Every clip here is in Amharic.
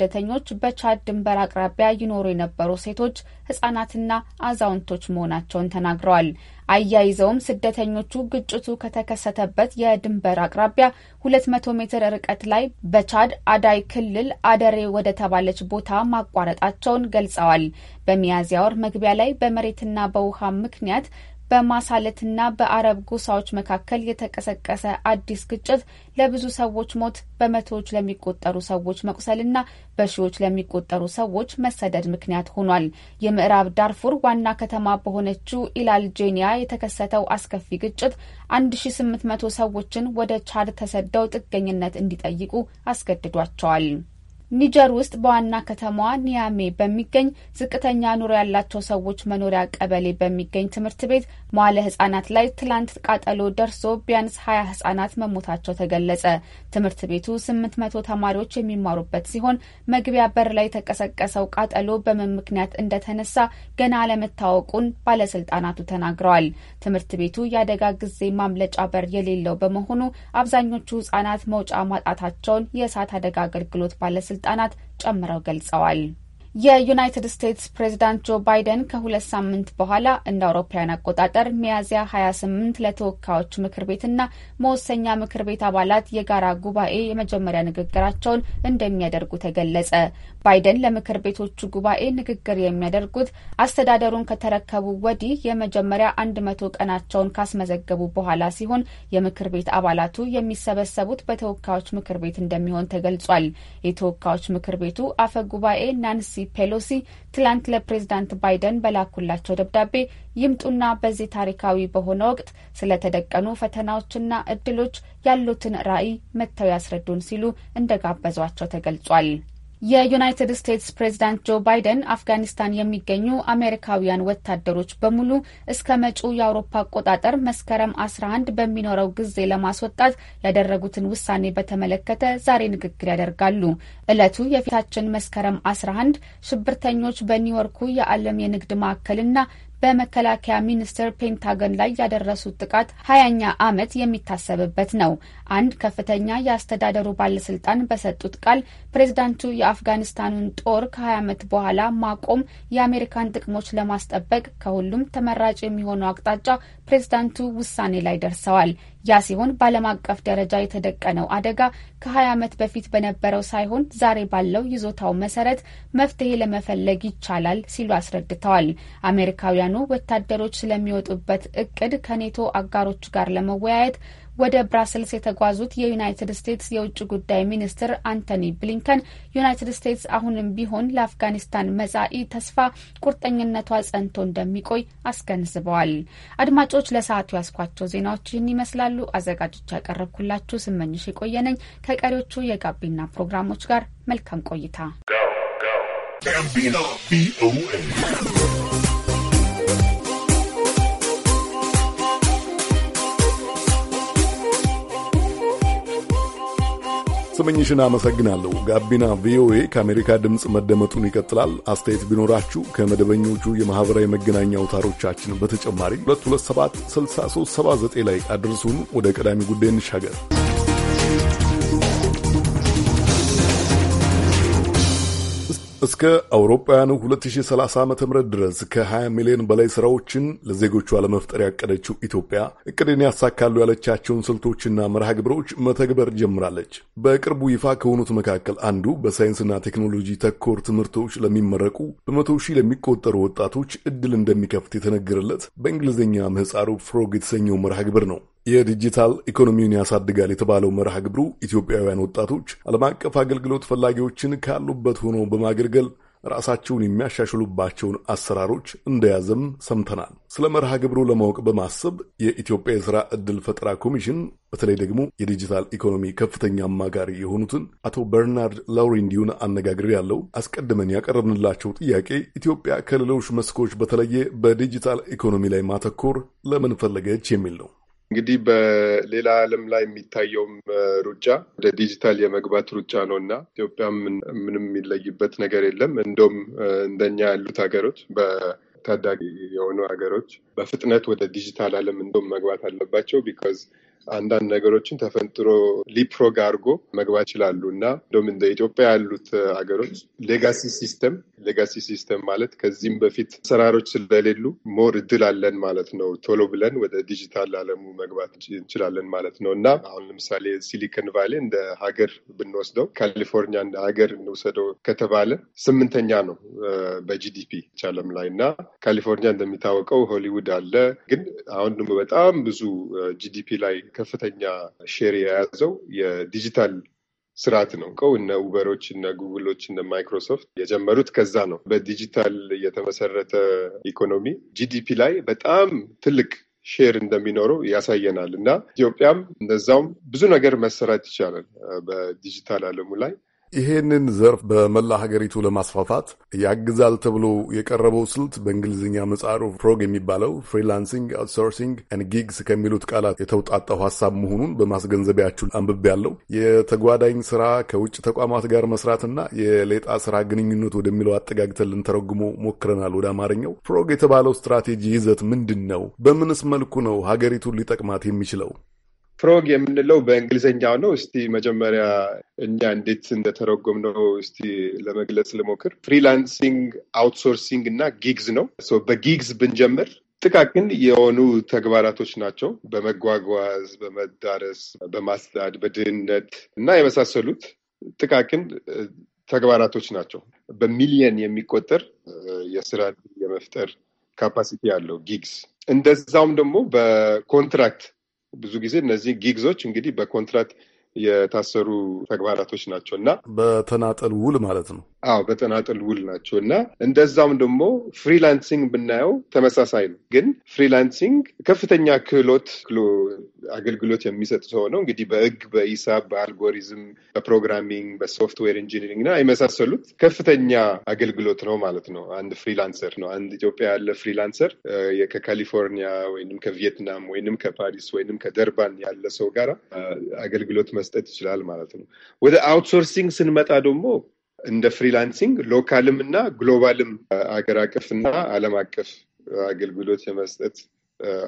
ስደተኞች በቻድ ድንበር አቅራቢያ ይኖሩ የነበሩ ሴቶች፣ ህጻናትና አዛውንቶች መሆናቸውን ተናግረዋል። አያይዘውም ስደተኞቹ ግጭቱ ከተከሰተበት የድንበር አቅራቢያ ሁለት መቶ ሜትር ርቀት ላይ በቻድ አዳይ ክልል አደሬ ወደ ተባለች ቦታ ማቋረጣቸውን ገልጸዋል። በሚያዝያ ወር መግቢያ ላይ በመሬትና በውሃ ምክንያት በማሳለትና በአረብ ጎሳዎች መካከል የተቀሰቀሰ አዲስ ግጭት ለብዙ ሰዎች ሞት፣ በመቶዎች ለሚቆጠሩ ሰዎች መቁሰልና በሺዎች ለሚቆጠሩ ሰዎች መሰደድ ምክንያት ሆኗል። የምዕራብ ዳርፉር ዋና ከተማ በሆነችው ኢላልጄኒያ የተከሰተው አስከፊ ግጭት 1800 ሰዎችን ወደ ቻድ ተሰደው ጥገኝነት እንዲጠይቁ አስገድዷቸዋል። ኒጀር ውስጥ በዋና ከተማዋ ኒያሜ በሚገኝ ዝቅተኛ ኑሮ ያላቸው ሰዎች መኖሪያ ቀበሌ በሚገኝ ትምህርት ቤት መዋለ ህጻናት ላይ ትላንት ቃጠሎ ደርሶ ቢያንስ ሀያ ህጻናት መሞታቸው ተገለጸ። ትምህርት ቤቱ ስምንት መቶ ተማሪዎች የሚማሩበት ሲሆን መግቢያ በር ላይ የተቀሰቀሰው ቃጠሎ በምን ምክንያት እንደተነሳ ገና አለመታወቁን ባለስልጣናቱ ተናግረዋል። ትምህርት ቤቱ የአደጋ ጊዜ ማምለጫ በር የሌለው በመሆኑ አብዛኞቹ ህጻናት መውጫ ማጣታቸውን የእሳት አደጋ አገልግሎት ባለስልጣ ባለስልጣናት ጨምረው ገልጸዋል። የዩናይትድ ስቴትስ ፕሬዚዳንት ጆ ባይደን ከሁለት ሳምንት በኋላ እንደ አውሮፓውያን አቆጣጠር ሚያዝያ 28 ለተወካዮች ምክር ቤትና መወሰኛ ምክር ቤት አባላት የጋራ ጉባኤ የመጀመሪያ ንግግራቸውን እንደሚያደርጉ ተገለጸ። ባይደን ለምክር ቤቶቹ ጉባኤ ንግግር የሚያደርጉት አስተዳደሩን ከተረከቡ ወዲህ የመጀመሪያ አንድ መቶ ቀናቸውን ካስመዘገቡ በኋላ ሲሆን የምክር ቤት አባላቱ የሚሰበሰቡት በተወካዮች ምክር ቤት እንደሚሆን ተገልጿል። የተወካዮች ምክር ቤቱ አፈ ጉባኤ ናንሲ ፔሎሲ ትላንት ለፕሬዝዳንት ባይደን በላኩላቸው ደብዳቤ ይምጡና በዚህ ታሪካዊ በሆነ ወቅት ስለተደቀኑ ፈተናዎችና እድሎች ያሉትን ራዕይ መጥተው ያስረዱን ሲሉ እንደጋበዟቸው ተገልጿል። የዩናይትድ ስቴትስ ፕሬዚዳንት ጆ ባይደን አፍጋኒስታን የሚገኙ አሜሪካውያን ወታደሮች በሙሉ እስከ መጪው የአውሮፓ አቆጣጠር መስከረም 11 በሚኖረው ጊዜ ለማስወጣት ያደረጉትን ውሳኔ በተመለከተ ዛሬ ንግግር ያደርጋሉ። እለቱ የፊታችን መስከረም 11 ሽብርተኞች በኒውዮርኩ የዓለም የንግድ ማዕከልና በመከላከያ ሚኒስቴር ፔንታገን ላይ ያደረሱት ጥቃት ሀያኛ ዓመት የሚታሰብበት ነው። አንድ ከፍተኛ የአስተዳደሩ ባለስልጣን በሰጡት ቃል ፕሬዚዳንቱ የአፍጋኒስታኑን ጦር ከሀያ ዓመት በኋላ ማቆም የአሜሪካን ጥቅሞች ለማስጠበቅ ከሁሉም ተመራጭ የሚሆነው አቅጣጫ ፕሬዚዳንቱ ውሳኔ ላይ ደርሰዋል። ያ ሲሆን በዓለም አቀፍ ደረጃ የተደቀነው አደጋ ከ20 ዓመት በፊት በነበረው ሳይሆን ዛሬ ባለው ይዞታው መሰረት መፍትሄ ለመፈለግ ይቻላል ሲሉ አስረድተዋል። አሜሪካውያኑ ወታደሮች ስለሚወጡበት እቅድ ከኔቶ አጋሮች ጋር ለመወያየት ወደ ብራስልስ የተጓዙት የዩናይትድ ስቴትስ የውጭ ጉዳይ ሚኒስትር አንቶኒ ብሊንከን ዩናይትድ ስቴትስ አሁንም ቢሆን ለአፍጋኒስታን መጻኢ ተስፋ ቁርጠኝነቷ ጸንቶ እንደሚቆይ አስገንዝበዋል። አድማጮች ለሰዓቱ ያስኳቸው ዜናዎች ይህን ይመስላሉ። አዘጋጆች ያቀረብኩላችሁ ስመኝሽ የቆየነኝ ከቀሪዎቹ የጋቢና ፕሮግራሞች ጋር መልካም ቆይታ። ስመኝሽን አመሰግናለሁ። ጋቢና ቪኦኤ ከአሜሪካ ድምፅ መደመጡን ይቀጥላል። አስተያየት ቢኖራችሁ ከመደበኞቹ የማኅበራዊ መገናኛ አውታሮቻችን በተጨማሪ 6379 ላይ አድርሱን። ወደ ቀዳሚ ጉዳይ እንሻገር። እስከ አውሮፓውያኑ 2030 ዓ ም ድረስ ከ20 ሚሊዮን በላይ ስራዎችን ለዜጎቿ ለመፍጠር ያቀደችው ኢትዮጵያ እቅድን ያሳካሉ ያለቻቸውን ስልቶችና መርሃ ግብሮች መተግበር ጀምራለች። በቅርቡ ይፋ ከሆኑት መካከል አንዱ በሳይንስና ቴክኖሎጂ ተኮር ትምህርቶች ለሚመረቁ በመቶ ሺህ ለሚቆጠሩ ወጣቶች እድል እንደሚከፍት የተነገረለት በእንግሊዝኛ ምህፃሩ ፍሮግ የተሰኘው መርሃ ግብር ነው። የዲጂታል ኢኮኖሚውን ያሳድጋል የተባለው መርሃ ግብሩ ኢትዮጵያውያን ወጣቶች ዓለም አቀፍ አገልግሎት ፈላጊዎችን ካሉበት ሆኖ በማገልገል ራሳቸውን የሚያሻሽሉባቸውን አሰራሮች እንደያዘም ሰምተናል። ስለ መርሃ ግብሩ ለማወቅ በማሰብ የኢትዮጵያ የሥራ ዕድል ፈጠራ ኮሚሽን በተለይ ደግሞ የዲጂታል ኢኮኖሚ ከፍተኛ አማካሪ የሆኑትን አቶ በርናርድ እንዲሁን አነጋግር ያለው አስቀድመን ያቀረብንላቸው ጥያቄ ኢትዮጵያ ከሌሎች መስኮች በተለየ በዲጂታል ኢኮኖሚ ላይ ማተኮር ለምን ፈለገች የሚል ነው። እንግዲህ በሌላ ዓለም ላይ የሚታየውም ሩጫ ወደ ዲጂታል የመግባት ሩጫ ነው እና ኢትዮጵያ ምንም የሚለይበት ነገር የለም። እንደውም እንደኛ ያሉት ሀገሮች በታዳጊ የሆኑ ሀገሮች በፍጥነት ወደ ዲጂታል ዓለም እንደውም መግባት አለባቸው ቢካዝ አንዳንድ ነገሮችን ተፈንጥሮ ሊፕሮግ አድርጎ መግባት ይችላሉ እና እንደውም እንደ ኢትዮጵያ ያሉት ሀገሮች ሌጋሲ ሲስተም ሌጋሲ ሲስተም ማለት ከዚህም በፊት ሰራሮች ስለሌሉ ሞር እድል አለን ማለት ነው። ቶሎ ብለን ወደ ዲጂታል አለሙ መግባት እንችላለን ማለት ነው እና አሁን ለምሳሌ ሲሊከን ቫሌ እንደ ሀገር ብንወስደው ካሊፎርኒያ እንደ ሀገር እንውሰደው ከተባለ ስምንተኛ ነው በጂዲፒ ቻለም ላይ እና ካሊፎርኒያ እንደሚታወቀው ሆሊውድ አለ። ግን አሁን ደግሞ በጣም ብዙ ጂዲፒ ላይ ከፍተኛ ሼር የያዘው የዲጂታል ስርዓት ነው። ቀው እነ ኡበሮች፣ እነ ጉግሎች፣ እነ ማይክሮሶፍት የጀመሩት ከዛ ነው። በዲጂታል የተመሰረተ ኢኮኖሚ ጂዲፒ ላይ በጣም ትልቅ ሼር እንደሚኖረው ያሳየናል እና ኢትዮጵያም እንደዛውም ብዙ ነገር መሰራት ይቻላል በዲጂታል አለሙ ላይ ይሄንን ዘርፍ በመላ ሀገሪቱ ለማስፋፋት ያግዛል ተብሎ የቀረበው ስልት በእንግሊዝኛ መጻሩ ፍሮግ የሚባለው ፍሪላንሲንግ፣ አውትሶርሲንግ ን ጊግስ ከሚሉት ቃላት የተውጣጣው ሀሳብ መሆኑን በማስገንዘቢያችሁ አንብቤ ያለው የተጓዳኝ ስራ ከውጭ ተቋማት ጋር መስራትና የሌጣ ስራ ግንኙነት ወደሚለው አጠጋግተን ልንተረጉሞ ሞክረናል ወደ አማርኛው። ፍሮግ የተባለው ስትራቴጂ ይዘት ምንድን ነው? በምንስ መልኩ ነው ሀገሪቱን ሊጠቅማት የሚችለው? ፍሮግ የምንለው በእንግሊዝኛው ነው። እስቲ መጀመሪያ እኛ እንዴት እንደተረጎም ነው እስቲ ለመግለጽ ልሞክር። ፍሪላንሲንግ፣ አውትሶርሲንግ እና ጊግዝ ነው። በጊግዝ ብንጀምር ጥቃቅን የሆኑ ተግባራቶች ናቸው። በመጓጓዝ፣ በመዳረስ፣ በማስዳድ፣ በድህነት እና የመሳሰሉት ጥቃቅን ተግባራቶች ናቸው። በሚሊየን የሚቆጠር የስራ የመፍጠር ካፓሲቲ ያለው ጊግስ። እንደዛውም ደግሞ በኮንትራክት ብዙ ጊዜ እነዚህ ጊግዞች እንግዲህ በኮንትራት የታሰሩ ተግባራቶች ናቸው እና በተናጠል ውል ማለት ነው። አዎ በተናጠል ውል ናቸው እና እንደዛም ደግሞ ፍሪላንሲንግ ብናየው ተመሳሳይ ነው። ግን ፍሪላንሲንግ ከፍተኛ ክህሎት አገልግሎት የሚሰጥ ሰው ነው። እንግዲህ በሕግ፣ በሂሳብ፣ በአልጎሪዝም፣ በፕሮግራሚንግ፣ በሶፍትዌር ኢንጂኒሪንግ እና የመሳሰሉት ከፍተኛ አገልግሎት ነው ማለት ነው። አንድ ፍሪላንሰር ነው አንድ ኢትዮጵያ ያለ ፍሪላንሰር ከካሊፎርኒያ ወይም ከቪየትናም ወይም ከፓሪስ ወይም ከደርባን ያለ ሰው ጋር አገልግሎት መስጠት ይችላል ማለት ነው። ወደ አውትሶርሲንግ ስንመጣ ደግሞ እንደ ፍሪላንሲንግ ሎካልም እና ግሎባልም አገር አቀፍ እና ዓለም አቀፍ አገልግሎት የመስጠት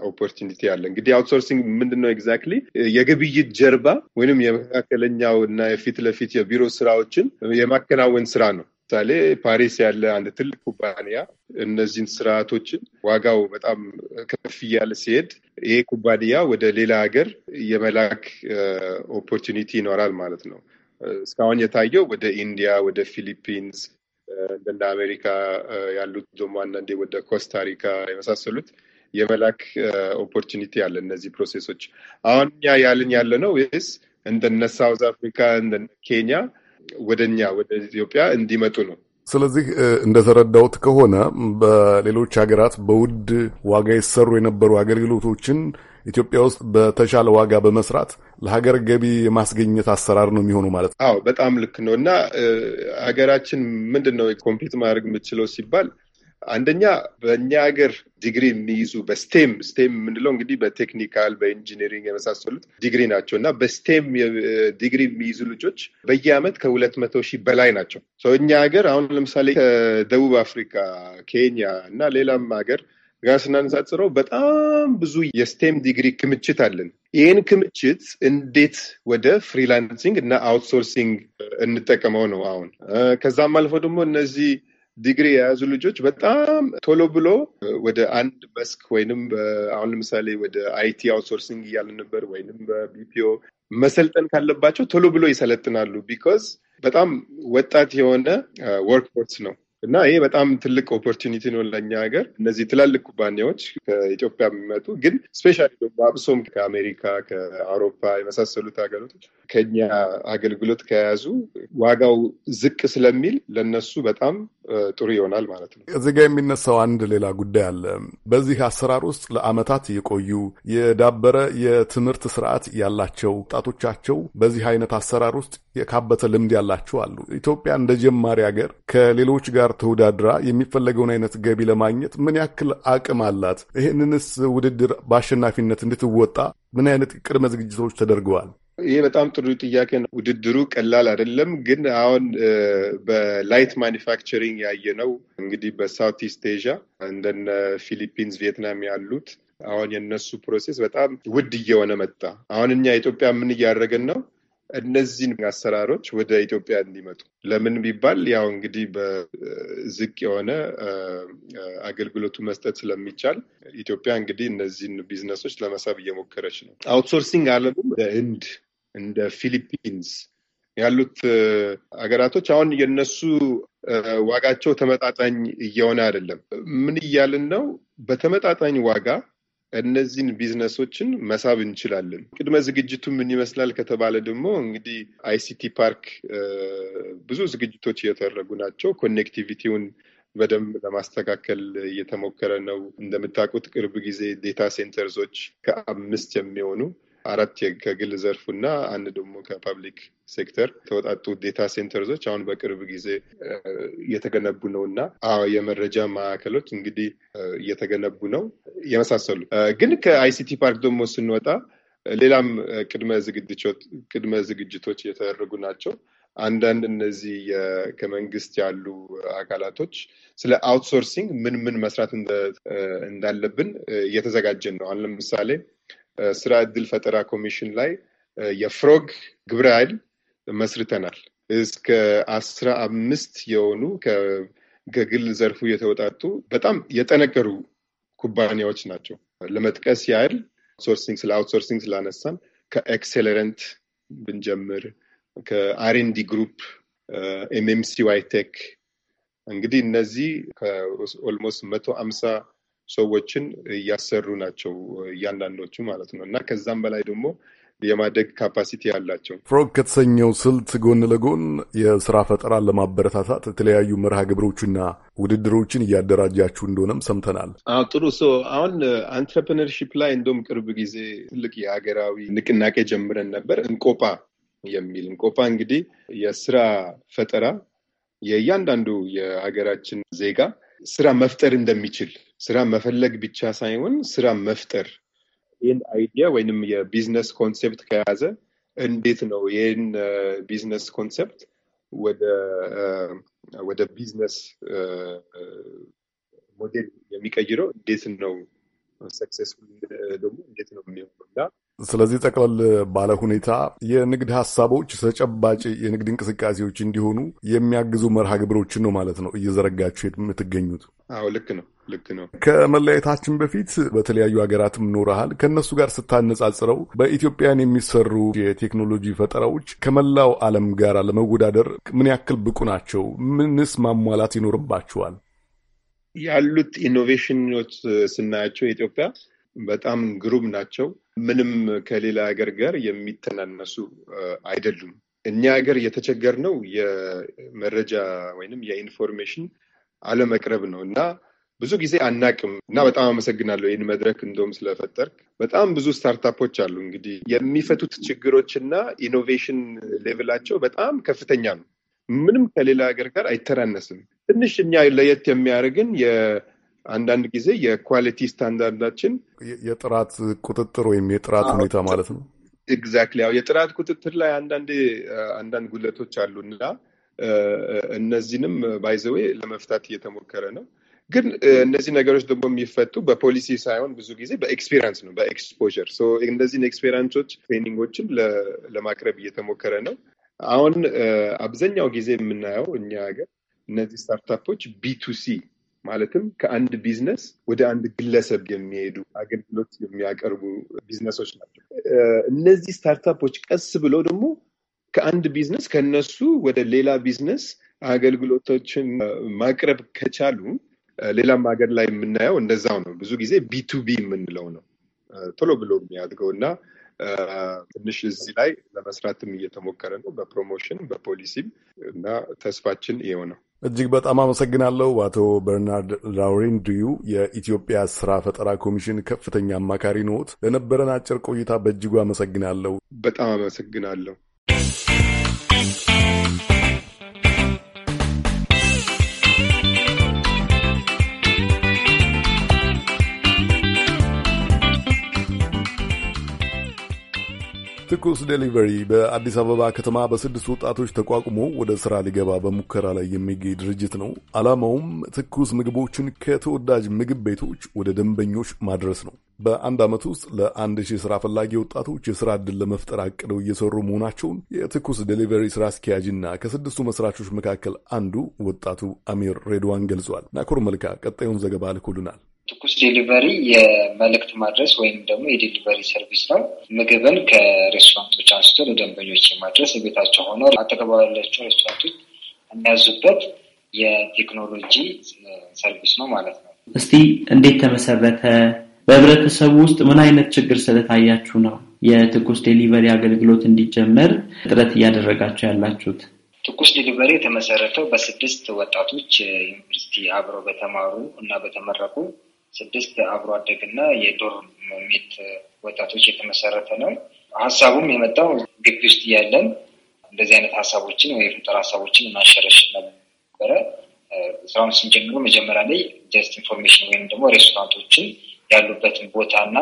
ኦፖርቹኒቲ አለ። እንግዲህ አውትሶርሲንግ ምንድን ነው ኤግዛክትሊ? የግብይት ጀርባ ወይም የመካከለኛው እና የፊት ለፊት የቢሮ ስራዎችን የማከናወን ስራ ነው። ምሳሌ ፓሪስ ያለ አንድ ትልቅ ኩባንያ እነዚህን ስርዓቶችን ዋጋው በጣም ከፍ እያለ ሲሄድ ይሄ ኩባንያ ወደ ሌላ ሀገር የመላክ ኦፖርቹኒቲ ይኖራል ማለት ነው። እስካሁን የታየው ወደ ኢንዲያ፣ ወደ ፊሊፒንስ እንደ አሜሪካ ያሉት ደግሞ አንዳንዴ ወደ ኮስታሪካ የመሳሰሉት የመላክ ኦፖርቹኒቲ አለ። እነዚህ ፕሮሴሶች አሁን እኛ ያልን ያለ ነው ስ እንደነ ሳውዝ አፍሪካ እንደነ ኬንያ ወደ እኛ ወደ ኢትዮጵያ እንዲመጡ ነው። ስለዚህ እንደተረዳሁት ከሆነ በሌሎች ሀገራት በውድ ዋጋ ይሰሩ የነበሩ አገልግሎቶችን ኢትዮጵያ ውስጥ በተሻለ ዋጋ በመስራት ለሀገር ገቢ የማስገኘት አሰራር ነው የሚሆኑ ማለት ነው። አዎ በጣም ልክ ነው። እና ሀገራችን ምንድን ነው ኮምፒት ማድረግ የምችለው ሲባል አንደኛ በእኛ ሀገር ዲግሪ የሚይዙ በስቴም ስቴም የምንለው እንግዲህ በቴክኒካል በኢንጂነሪንግ የመሳሰሉት ዲግሪ ናቸው እና በስቴም ዲግሪ የሚይዙ ልጆች በየአመት ከሁለት መቶ ሺህ በላይ ናቸው። እኛ ሀገር አሁን ለምሳሌ ከደቡብ አፍሪካ፣ ኬንያ እና ሌላም ሀገር ጋር ስናነጻጽረው በጣም ብዙ የስቴም ዲግሪ ክምችት አለን። ይህን ክምችት እንዴት ወደ ፍሪላንሲንግ እና አውትሶርሲንግ እንጠቀመው ነው አሁን። ከዛም አልፎ ደግሞ እነዚህ ዲግሪ የያዙ ልጆች በጣም ቶሎ ብሎ ወደ አንድ መስክ ወይንም አሁን ለምሳሌ ወደ አይቲ አውትሶርሲንግ እያሉ ነበር ወይንም በቢፒኦ መሰልጠን ካለባቸው ቶሎ ብሎ ይሰለጥናሉ። ቢኮዝ በጣም ወጣት የሆነ ወርክፎርስ ነው እና ይሄ በጣም ትልቅ ኦፖርቹኒቲ ነው ለእኛ ሀገር። እነዚህ ትላልቅ ኩባንያዎች ከኢትዮጵያ የሚመጡ ግን ስፔሻሊ አብሶም ከአሜሪካ ከአውሮፓ የመሳሰሉት ሀገሮች ከኛ አገልግሎት ከያዙ ዋጋው ዝቅ ስለሚል ለነሱ በጣም ጥሩ ይሆናል ማለት ነው። እዚህ ጋር የሚነሳው አንድ ሌላ ጉዳይ አለ። በዚህ አሰራር ውስጥ ለአመታት የቆዩ የዳበረ የትምህርት ስርዓት ያላቸው ወጣቶቻቸው በዚህ አይነት አሰራር ውስጥ የካበተ ልምድ ያላቸው አሉ። ኢትዮጵያ እንደ ጀማሪ ሀገር ከሌሎች ጋር ጋር ተወዳድራ የሚፈለገውን አይነት ገቢ ለማግኘት ምን ያክል አቅም አላት? ይህንንስ ውድድር በአሸናፊነት እንድትወጣ ምን አይነት ቅድመ ዝግጅቶች ተደርገዋል? ይሄ በጣም ጥሩ ጥያቄ ነው። ውድድሩ ቀላል አይደለም፣ ግን አሁን በላይት ማኒፋክቸሪንግ ያየ ነው እንግዲህ በሳውት ኢስት ኤዥያ እንደነ ፊሊፒንስ፣ ቪየትናም ያሉት አሁን የነሱ ፕሮሴስ በጣም ውድ እየሆነ መጣ። አሁን እኛ ኢትዮጵያ ምን እያደረገን ነው? እነዚህን አሰራሮች ወደ ኢትዮጵያ እንዲመጡ ለምን ቢባል ያው እንግዲህ በዝቅ የሆነ አገልግሎቱ መስጠት ስለሚቻል ኢትዮጵያ እንግዲህ እነዚህን ቢዝነሶች ለመሳብ እየሞከረች ነው። አውትሶርሲንግ ዓለምም እንደ ህንድ እንደ ፊሊፒንስ ያሉት ሀገራቶች አሁን የነሱ ዋጋቸው ተመጣጣኝ እየሆነ አይደለም። ምን እያልን ነው? በተመጣጣኝ ዋጋ እነዚህን ቢዝነሶችን መሳብ እንችላለን። ቅድመ ዝግጅቱ ምን ይመስላል ከተባለ ደግሞ እንግዲህ አይሲቲ ፓርክ ብዙ ዝግጅቶች እየተደረጉ ናቸው። ኮኔክቲቪቲውን በደንብ ለማስተካከል እየተሞከረ ነው። እንደምታውቁት ቅርብ ጊዜ ዴታ ሴንተርዞች ከአምስት የሚሆኑ አራት ከግል ዘርፉ እና አንድ ደግሞ ከፐብሊክ ሴክተር የተወጣጡ ዴታ ሴንተርዞች አሁን በቅርብ ጊዜ እየተገነቡ ነው እና የመረጃ ማዕከሎች እንግዲህ እየተገነቡ ነው። የመሳሰሉ ግን ከአይሲቲ ፓርክ ደግሞ ስንወጣ ሌላም ቅድመ ዝግጅቶች እየተደረጉ ናቸው። አንዳንድ እነዚህ ከመንግስት ያሉ አካላቶች ስለ አውትሶርሲንግ ምን ምን መስራት እንዳለብን እየተዘጋጀን ነው። አሁን ለምሳሌ ስራ እድል ፈጠራ ኮሚሽን ላይ የፍሮግ ግብረ ኃይል መስርተናል። እስከ አስራ አምስት የሆኑ ከግል ዘርፉ የተወጣጡ በጣም የጠነከሩ ኩባንያዎች ናቸው። ለመጥቀስ ያህል ሶርሲንግ ስለ አውትሶርሲንግ ስላነሳን ከኤክሴለረንት ብንጀምር ከአርንዲ ግሩፕ ኤምኤምሲ ዋይቴክ እንግዲህ እነዚህ ከኦልሞስት መቶ አምሳ ሰዎችን እያሰሩ ናቸው እያንዳንዶቹ ማለት ነው እና ከዛም በላይ ደግሞ የማደግ ካፓሲቲ አላቸው ፍሮግ ከተሰኘው ስልት ጎን ለጎን የስራ ፈጠራን ለማበረታታት የተለያዩ መርሃ ግብሮችና ውድድሮችን እያደራጃችሁ እንደሆነም ሰምተናል። ጥሩ ሰው። አሁን አንትረፕነርሺፕ ላይ እንደውም ቅርብ ጊዜ ትልቅ የሀገራዊ ንቅናቄ ጀምረን ነበር። እንቆጳ የሚል እንቆጳ እንግዲህ የስራ ፈጠራ የእያንዳንዱ የሀገራችን ዜጋ ስራ መፍጠር እንደሚችል ስራ መፈለግ ብቻ ሳይሆን ስራ መፍጠር ይህን አይዲያ ወይንም የቢዝነስ ኮንሴፕት ከያዘ እንዴት ነው ይህን ቢዝነስ ኮንሴፕት ወደ ቢዝነስ ሞዴል የሚቀይረው እንዴት ነው ሰክሴስፉል ደግሞ እንዴት ነው የሚሆነው ስለዚህ ጠቅለል ባለ ሁኔታ የንግድ ሀሳቦች ተጨባጭ የንግድ እንቅስቃሴዎች እንዲሆኑ የሚያግዙ መርሃ ግብሮችን ነው ማለት ነው እየዘረጋችሁ የምትገኙት? አዎ ልክ ነው። ልክ ነው። ከመለያየታችን በፊት በተለያዩ ሀገራትም ኖረሃል። ከእነሱ ጋር ስታነጻጽረው በኢትዮጵያን የሚሰሩ የቴክኖሎጂ ፈጠራዎች ከመላው ዓለም ጋር ለመወዳደር ምን ያክል ብቁ ናቸው? ምንስ ማሟላት ይኖርባቸዋል? ያሉት ኢኖቬሽኖች ስናያቸው ኢትዮጵያ በጣም ግሩም ናቸው። ምንም ከሌላ ሀገር ጋር የሚተናነሱ አይደሉም። እኛ ሀገር የተቸገርነው የመረጃ ወይንም የኢንፎርሜሽን አለመቅረብ ነው እና ብዙ ጊዜ አናቅም እና በጣም አመሰግናለሁ ይህን መድረክ እንደውም ስለፈጠርክ። በጣም ብዙ ስታርታፖች አሉ እንግዲህ የሚፈቱት ችግሮች እና ኢኖቬሽን ሌቭላቸው በጣም ከፍተኛ ነው። ምንም ከሌላ ሀገር ጋር አይተናነስም። ትንሽ እኛ ለየት የሚያደርግን አንዳንድ ጊዜ የኳሊቲ ስታንዳርዳችን የጥራት ቁጥጥር ወይም የጥራት ሁኔታ ማለት ነው። ኤግዛክትሊ ያው የጥራት ቁጥጥር ላይ አንዳንድ አንዳንድ ጉለቶች አሉ እና እነዚህንም ባይዘዌ ለመፍታት እየተሞከረ ነው። ግን እነዚህ ነገሮች ደግሞ የሚፈቱ በፖሊሲ ሳይሆን ብዙ ጊዜ በኤክስፔሪንስ ነው፣ በኤክስፖር እነዚህን ኤክስፔሪንሶች ትሬኒንጎችን ለማቅረብ እየተሞከረ ነው። አሁን አብዛኛው ጊዜ የምናየው እኛ ሀገር እነዚህ ስታርታፖች ቢቱሲ ማለትም ከአንድ ቢዝነስ ወደ አንድ ግለሰብ የሚሄዱ አገልግሎት የሚያቀርቡ ቢዝነሶች ናቸው። እነዚህ ስታርታፖች ቀስ ብሎ ደግሞ ከአንድ ቢዝነስ ከነሱ ወደ ሌላ ቢዝነስ አገልግሎቶችን ማቅረብ ከቻሉ ሌላም ሀገር ላይ የምናየው እንደዛው ነው። ብዙ ጊዜ ቢቱቢ የምንለው ነው ቶሎ ብሎ የሚያድገው እና ትንሽ እዚህ ላይ ለመስራትም እየተሞከረ ነው በፕሮሞሽን በፖሊሲም እና ተስፋችን ይሄው ነው። እጅግ በጣም አመሰግናለሁ አቶ በርናርድ ላውሬንድዩ የኢትዮጵያ ስራ ፈጠራ ኮሚሽን ከፍተኛ አማካሪ ነዎት። ለነበረን አጭር ቆይታ በእጅጉ አመሰግናለሁ። በጣም አመሰግናለሁ። ትኩስ ዴሊቨሪ በአዲስ አበባ ከተማ በስድስት ወጣቶች ተቋቁሞ ወደ ስራ ሊገባ በሙከራ ላይ የሚገኝ ድርጅት ነው። ዓላማውም ትኩስ ምግቦችን ከተወዳጅ ምግብ ቤቶች ወደ ደንበኞች ማድረስ ነው። በአንድ ዓመት ውስጥ ለአንድ ሺህ ስራ ፈላጊ ወጣቶች የስራ ዕድል ለመፍጠር አቅደው እየሰሩ መሆናቸውን የትኩስ ዴሊቨሪ ስራ አስኪያጅና ከስድስቱ መስራቾች መካከል አንዱ ወጣቱ አሚር ሬድዋን ገልጿል። ናኮር መልካ ቀጣዩን ዘገባ ልኮልናል። ትኩስ ዴሊቨሪ የመልእክት ማድረስ ወይም ደግሞ የዴሊቨሪ ሰርቪስ ነው። ምግብን ከሬስቶራንቶች አንስቶ ለደንበኞች የማድረስ ቤታቸው ሆኖ አጠገባ ሬስቶራንቶች የሚያዙበት የቴክኖሎጂ ሰርቪስ ነው ማለት ነው። እስቲ እንዴት ተመሰረተ? በህብረተሰቡ ውስጥ ምን አይነት ችግር ስለታያችሁ ነው የትኩስ ዴሊቨሪ አገልግሎት እንዲጀመር ጥረት እያደረጋችሁ ያላችሁት? ትኩስ ዴሊቨሪ የተመሰረተው በስድስት ወጣቶች ዩኒቨርሲቲ አብረው በተማሩ እና በተመረቁ ስድስት አብሮ አደግና የጦር ሜት ወጣቶች የተመሰረተ ነው። ሀሳቡም የመጣው ግቢ ውስጥ እያለን እንደዚህ አይነት ሀሳቦችን ወይ የፈጠራ ሀሳቦችን ማሸረሽ ነበረ። ስራውን ስንጀምሩ መጀመሪያ ላይ ጀስት ኢንፎርሜሽን ወይም ደግሞ ሬስቶራንቶችን ያሉበትን ቦታና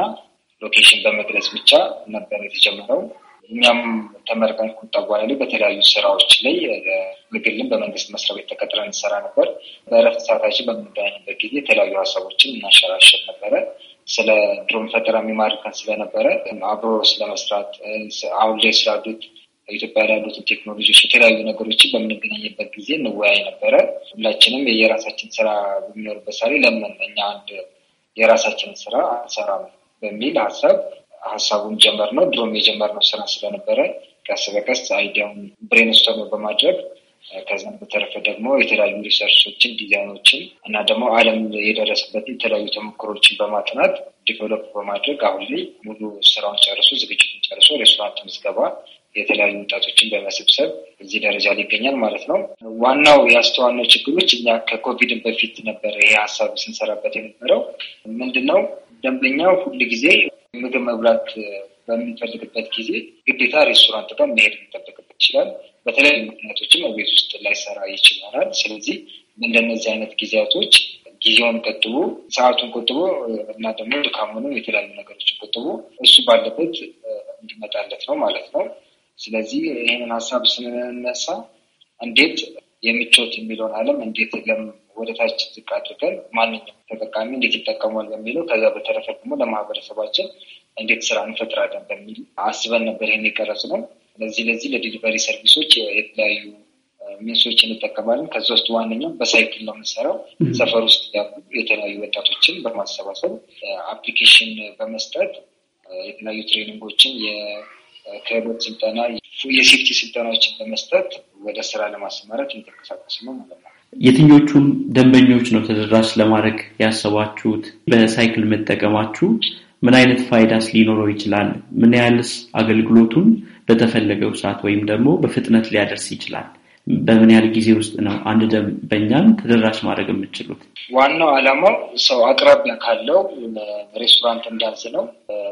ሎኬሽን በመግለጽ ብቻ ነበር የተጀመረው። እኛም ተመርቀን ቁጠባ ላይ በተለያዩ ስራዎች ላይ በግልም በመንግስት መስሪያ ቤት ተቀጥረን እንሰራ ነበር። በእረፍት ሰዓታችን በምንገናኝበት ጊዜ የተለያዩ ሀሳቦችን እናሸራሸር ነበረ። ስለ ድሮን ፈጠራ የሚማርከን ስለነበረ አብሮ ስለመስራት አሁን ላይ ስላሉት ኢትዮጵያ ላይ ያሉትን ቴክኖሎጂዎች የተለያዩ ነገሮችን በምንገናኝበት ጊዜ እንወያይ ነበረ። ሁላችንም የራሳችን ስራ በሚኖርበት ሳሌ ለምን እኛ አንድ የራሳችንን ስራ አንሰራም በሚል ሀሳብ ሀሳቡን ጀመር ነው። ድሮም የጀመርነው ስራ ስለነበረ ቀስ በቀስ አይዲያውን ብሬንስቶርም በማድረግ ከዛም በተረፈ ደግሞ የተለያዩ ሪሰርቾችን፣ ዲዛይኖችን እና ደግሞ ዓለም የደረሰበትን የተለያዩ ተሞክሮችን በማጥናት ዲቨሎፕ በማድረግ አሁን ላይ ሙሉ ስራውን ጨርሶ ዝግጅቱን ጨርሶ ሬስቶራንት ምዝገባ የተለያዩ ወጣቶችን በመሰብሰብ እዚህ ደረጃ ላይ ይገኛል ማለት ነው። ዋናው ያስተዋልነው ችግሮች እኛ ከኮቪድን በፊት ነበረ ይሄ ሀሳብ ስንሰራበት የነበረው ምንድን ነው ደንበኛው ሁል ጊዜ ምግብ መብላት በምንፈልግበት ጊዜ ግዴታ ሬስቶራንት ጋር መሄድ ሊጠበቅበት ይችላል። በተለያዩ ምክንያቶችም ቤት ውስጥ ላይሰራ ይችላል። ስለዚህ እንደነዚህ አይነት ጊዜያቶች ጊዜውን ቆጥቦ ሰዓቱን ቆጥቦ እና ደግሞ ድካሙን የተለያዩ ነገሮችን ቆጥቦ እሱ ባለበት እንዲመጣለት ነው ማለት ነው። ስለዚህ ይህንን ሀሳብ ስንነሳ እንዴት የምቾት የሚለውን ዓለም እንዴት ለም። ወደታች ዝቅ አድርገን ማንኛውም ተጠቃሚ እንዴት ይጠቀሟል በሚለው ከዛ በተረፈ ደግሞ ለማህበረሰባችን እንዴት ስራ እንፈጥራለን በሚል አስበን ነበር ይህን የቀረጽ ነው። ለዚህ ለዚህ ለዲሊቨሪ ሰርቪሶች የተለያዩ ሚንሶች እንጠቀማለን። ከዚ ውስጥ ዋነኛው በሳይክል ነው የምንሰራው። ሰፈር ውስጥ ያሉ የተለያዩ ወጣቶችን በማሰባሰብ አፕሊኬሽን በመስጠት የተለያዩ ትሬኒንጎችን፣ የክህሎት ስልጠና፣ የሴፍቲ ስልጠናዎችን በመስጠት ወደ ስራ ለማሰማራት እየተንቀሳቀስ ነው ማለት ነው። የትኞቹን ደንበኞች ነው ተደራሽ ለማድረግ ያሰባችሁት? በሳይክል መጠቀማችሁ ምን አይነት ፋይዳስ ሊኖረው ይችላል? ምን ያህልስ አገልግሎቱን በተፈለገው ሰዓት ወይም ደግሞ በፍጥነት ሊያደርስ ይችላል? በምን ያህል ጊዜ ውስጥ ነው አንድ ደንበኛን ተደራሽ ማድረግ የምትችሉት? ዋናው ዓላማው ሰው አቅራቢያ ካለው ሬስቶራንት እንዳዝ ነው።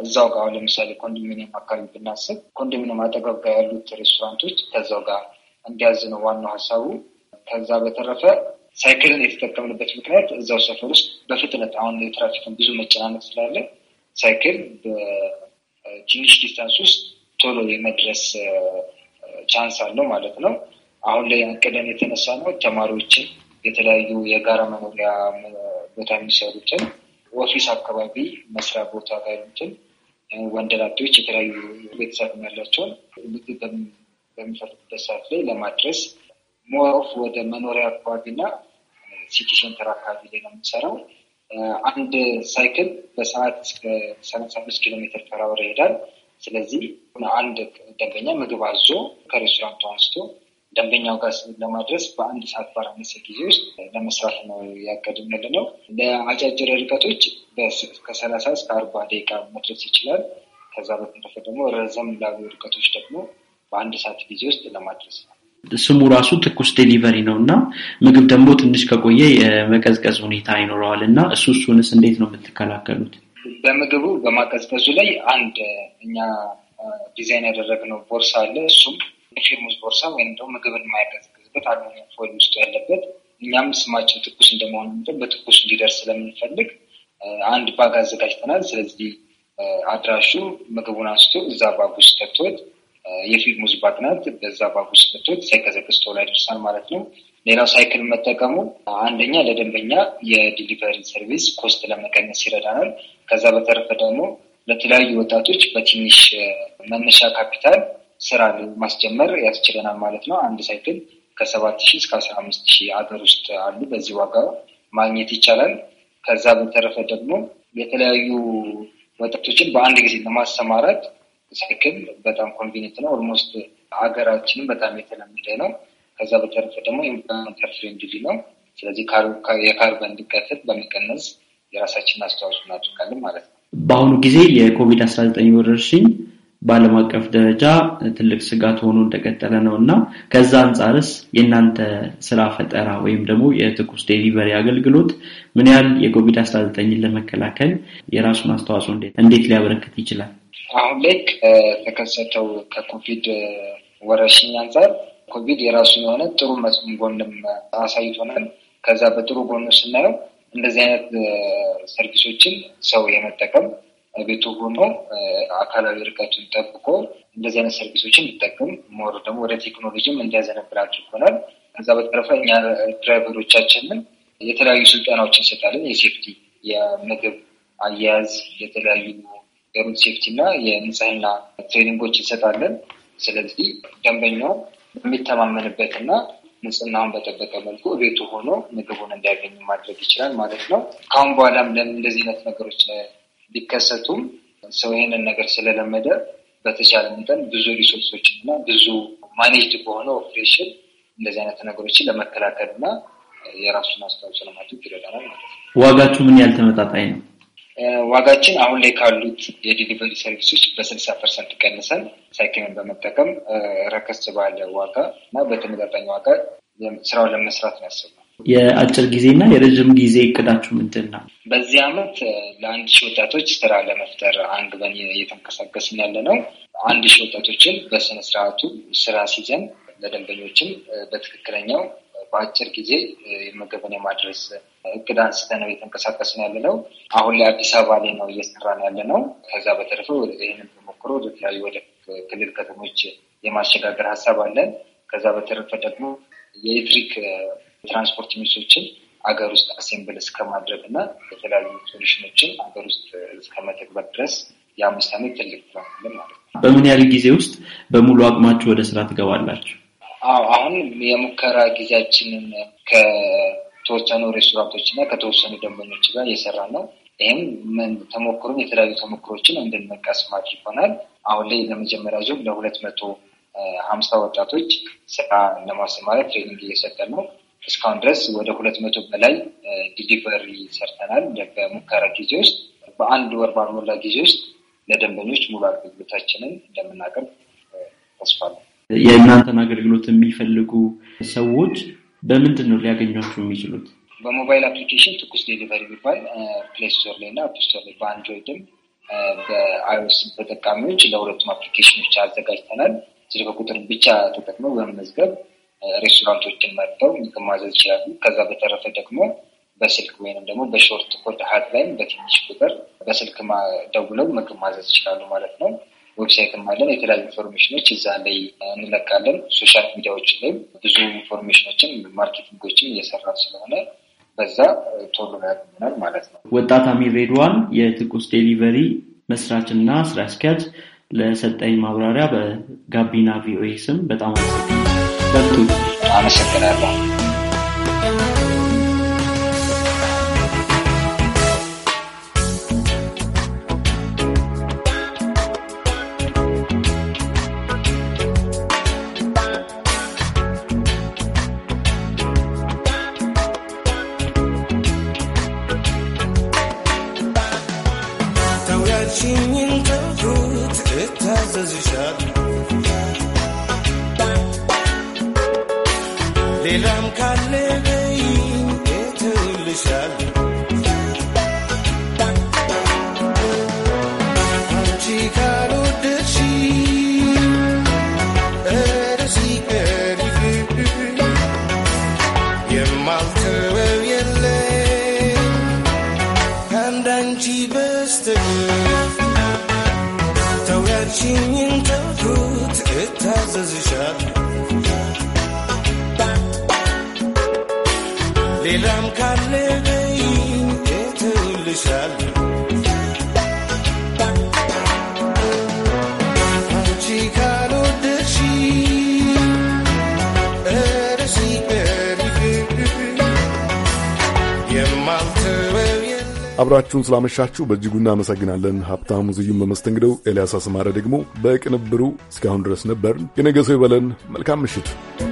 እዛው ጋር ለምሳሌ ኮንዶሚኒየም አካባቢ ብናስብ ኮንዶሚኒየም አጠገብ ጋር ያሉት ሬስቶራንቶች ከዛው ጋር እንዲያዝ ነው ዋናው ሀሳቡ። ከዛ በተረፈ ሳይክልን የተጠቀምንበት ምክንያት እዛው ሰፈር ውስጥ በፍጥነት አሁን የትራፊክን ብዙ መጨናነቅ ስላለ ሳይክል በትንሽ ዲስታንስ ውስጥ ቶሎ የመድረስ ቻንስ አለው ማለት ነው። አሁን ላይ አቅደን የተነሳ ነው ተማሪዎችን፣ የተለያዩ የጋራ መኖሪያ ቦታ የሚሰሩትን፣ ኦፊስ አካባቢ መስሪያ ቦታ ላይ ያሉትን ወንደላጤዎች፣ የተለያዩ ቤተሰብ ያላቸውን በሚፈልጉበት ሰዓት ላይ ለማድረስ ሞሮፍ ወደ መኖሪያ አካባቢና ሲቲ ሴንተር አካባቢ ላይ ነው የምንሰራው። አንድ ሳይክል በሰዓት እስከ ሰላሳ አምስት ኪሎ ሜትር ፈራወር ይሄዳል። ስለዚህ አንድ ደንበኛ ምግብ አዞ ከሬስቶራንቱ አንስቶ ደንበኛው ጋር ለማድረስ በአንድ ሰዓት ባራነሰ ጊዜ ውስጥ ለመስራት ነው ያቀድም ያለ ነው። ለአጫጭር ርቀቶች ከሰላሳ እስከ አርባ ደቂቃ መድረስ ይችላል። ከዛ በተረፈ ደግሞ ረዘም ላሉ ርቀቶች ደግሞ በአንድ ሰዓት ጊዜ ውስጥ ለማድረስ ነው። ስሙ ራሱ ትኩስ ዴሊቨሪ ነው እና ምግብ ደግሞ ትንሽ ከቆየ የመቀዝቀዝ ሁኔታ ይኖረዋል እና እሱ እሱንስ እንዴት ነው የምትከላከሉት? በምግቡ በማቀዝቀዙ ላይ አንድ እኛ ዲዛይን ያደረግነው ቦርሳ አለ። እሱም ፊርሙስ ቦርሳ ወይም ደግሞ ምግብን የማያቀዘቅዝበት አሉሚኒየም ፎይል ውስጡ ያለበት እኛም ስማችን ትኩስ እንደመሆኑ መጠን በትኩስ እንዲደርስ ስለምንፈልግ አንድ ባግ አዘጋጅተናል። ስለዚህ አድራሹ ምግቡን አንስቶ እዛ ባግ ውስጥ ተቶት የፊልሙ ዝባት ናት። በዛ ባግ ውስጥ ሳይቀዘቅዝ ቶሎ ያደርሳል ማለት ነው። ሌላው ሳይክል መጠቀሙ አንደኛ ለደንበኛ የዲሊቨሪ ሰርቪስ ኮስት ለመቀነስ ይረዳናል። ከዛ በተረፈ ደግሞ ለተለያዩ ወጣቶች በትንሽ መነሻ ካፒታል ስራ ማስጀመር ያስችለናል ማለት ነው። አንድ ሳይክል ከሰባት ሺህ እስከ አስራ አምስት ሺህ ሀገር ውስጥ አሉ። በዚህ ዋጋ ማግኘት ይቻላል። ከዛ በተረፈ ደግሞ የተለያዩ ወጣቶችን በአንድ ጊዜ ለማሰማራት ሳይክል በጣም ኮንቪኒንት ነው። ኦልሞስት ሀገራችንም በጣም የተለመደ ነው። ከዛ በተረፈ ደግሞ ኢንቫይሮንመንታል ፍሬንድሊ ነው። ስለዚህ የካርበን ልቀትን በመቀነስ የራሳችንን አስተዋጽኦ እናደርጋለን ማለት ነው። በአሁኑ ጊዜ የኮቪድ አስራ ዘጠኝ ወረርሽኝ በዓለም አቀፍ ደረጃ ትልቅ ስጋት ሆኖ እንደቀጠለ ነው እና ከዛ አንጻርስ የእናንተ ስራ ፈጠራ ወይም ደግሞ የትኩስ ዴሊቨሪ አገልግሎት ምን ያህል የኮቪድ አስራ ዘጠኝን ለመከላከል የራሱን አስተዋጽኦ እንዴት ሊያበረክት ይችላል? አሁን ላይ ከተከሰተው ከኮቪድ ወረርሽኝ አንጻር ኮቪድ የራሱ የሆነ ጥሩ መጽም ጎንም አሳይቶናል። ከዛ በጥሩ ጎኑ ስናየው እንደዚህ አይነት ሰርቪሶችን ሰው የመጠቀም ቤቱ ሆኖ አካላዊ ርቀቱን ጠብቆ እንደዚህ አይነት ሰርቪሶችን ይጠቅም ሞር ደግሞ ወደ ቴክኖሎጂም እንዲያዘነብል አድርጎናል። ከዛ በተረፈ እኛ ድራይቨሮቻችንን የተለያዩ ስልጠናዎችን እንሰጣለን። የሴፍቲ፣ የምግብ አያያዝ፣ የተለያዩ የሩድ ሴፍቲ እና የንጽህና ትሬኒንጎች እንሰጣለን። ስለዚህ ደንበኛው የሚተማመንበት እና ንጽህናውን በጠበቀ መልኩ ቤቱ ሆኖ ምግቡን እንዲያገኝ ማድረግ ይችላል ማለት ነው። ካሁን በኋላም ለምን እንደዚህ አይነት ነገሮች ሊከሰቱም ሰው ይህንን ነገር ስለለመደ በተቻለ መጠን ብዙ ሪሶርሶችን እና ብዙ ማኔጅድ በሆነ ኦፕሬሽን እንደዚህ አይነት ነገሮችን ለመከላከል እና የራሱን አስተዋጽኦ ለማድረግ ይረዳናል ማለት ነው። ዋጋችሁ ምን ያህል ተመጣጣኝ ነው? ዋጋችን አሁን ላይ ካሉት የዲሊቨሪ ሰርቪሶች በስልሳ ፐርሰንት ቀንሰን ሳይክልን በመጠቀም ረከስ ባለ ዋጋ እና በተመጣጣኝ ዋጋ ስራውን ለመስራት ነው ያስባል። የአጭር ጊዜና የረዥም ጊዜ እቅዳችሁ ምንድን ነው? በዚህ አመት ለአንድ ሺህ ወጣቶች ስራ ለመፍጠር አንግበን እየተንቀሳቀስን ያለ ነው። አንድ ሺህ ወጣቶችን በስነስርዓቱ ስራ ሲዘን ለደንበኞችም በትክክለኛው በአጭር ጊዜ ምግብን የማድረስ እቅድ አንስተ ነው የተንቀሳቀስ ነው ያለ ነው። አሁን ላይ አዲስ አበባ ላይ ነው እየሰራ ነው ያለ ነው። ከዛ በተረፈ ይህንን ተሞክሮ ወደተለያዩ ወደ ክልል ከተሞች የማሸጋገር ሀሳብ አለን። ከዛ በተረፈ ደግሞ የኤሌክትሪክ ትራንስፖርት ሚሶችን አገር ውስጥ አሴምብል እስከማድረግ እና የተለያዩ ሶሉሽኖችን አገር ውስጥ እስከመተግበር ድረስ የአምስት ዓመት ትልቅ ፕላን ማለት ነው። በምን ያህል ጊዜ ውስጥ በሙሉ አቅማችሁ ወደ ስራ ትገባላችሁ? አዎ አሁን የሙከራ ጊዜያችንን ከተወሰኑ ሬስቶራንቶች እና ከተወሰኑ ደንበኞች ጋር እየሰራ ነው። ይህም ተሞክሮን የተለያዩ ተሞክሮችን እንድንመቀስ ማድረግ ይሆናል። አሁን ላይ ለመጀመሪያ ዙር ለሁለት መቶ ሀምሳ ወጣቶች ስራ ለማሰማራት ትሬኒንግ እየሰጠ ነው። እስካሁን ድረስ ወደ ሁለት መቶ በላይ ዲሊቨሪ ሰርተናል። በሙከራ ጊዜ ውስጥ በአንድ ወር ባልሞላ ጊዜ ውስጥ ለደንበኞች ሙሉ አገልግሎታችንን እንደምናቀርብ ተስፋለን። የእናንተን አገልግሎት የሚፈልጉ ሰዎች በምንድን ነው ሊያገኟቸው የሚችሉት? በሞባይል አፕሊኬሽን ትኩስ ዴሊቨሪ የሚባል ፕሌይ ስቶር ላይ እና አፕ ስቶር ላይ በአንድሮይድም በአይኦስ ተጠቃሚዎች ለሁለቱም አፕሊኬሽኖች አዘጋጅተናል። ስልክ ቁጥር ብቻ ተጠቅመው በመመዝገብ ሬስቶራንቶችን መርተው ምግብ ማዘዝ ይችላሉ። ከዛ በተረፈ ደግሞ በስልክ ወይንም ደግሞ በሾርት ኮድ ሀት ላይም በትንሽ ቁጥር በስልክ ደውለው ምግብ ማዘዝ ይችላሉ ማለት ነው። ዌብሳይትም አለን። የተለያዩ ኢንፎርሜሽኖች እዛ ላይ እንለቃለን። ሶሻል ሚዲያዎች ላይ ብዙ ኢንፎርሜሽኖችን ማርኬቲንጎችን እየሰራ ስለሆነ በዛ ቶሎ ያገኘናል ማለት ነው። ወጣት አሚር ሬድዋን የትኩስ ዴሊቨሪ መስራችና ስራ አስኪያጅ ለሰጠኝ ማብራሪያ በጋቢና ቪኦኤ ስም በጣም አመሰግናለሁ። አመሰግናለሁ። ይሻል አብራችሁን ስላመሻችሁ በእጅጉ እናመሰግናለን። ሀብታሙ ዝዩም በመስተንግደው፣ ኤልያስ አስማረ ደግሞ በቅንብሩ እስካሁን ድረስ ነበርን። የነገ ሰው ይበለን። መልካም ምሽት።